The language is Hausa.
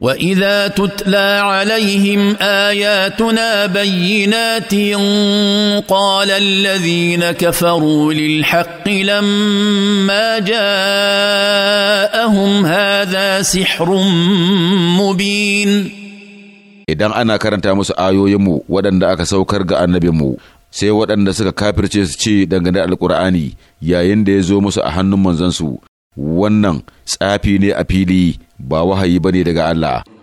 واذا تتلى عليهم اياتنا بينات قال الذين كفروا للحق لما جاءهم هذا سحر مبين idan ana karanta musu ayoyinmu waɗanda aka saukar ga annabinmu sai waɗanda suka kafirce su ce dangane alkur'ani yayin da ya zo musu a hannun manzansu wannan tsafi ne a fili ba wahayi bane daga Allah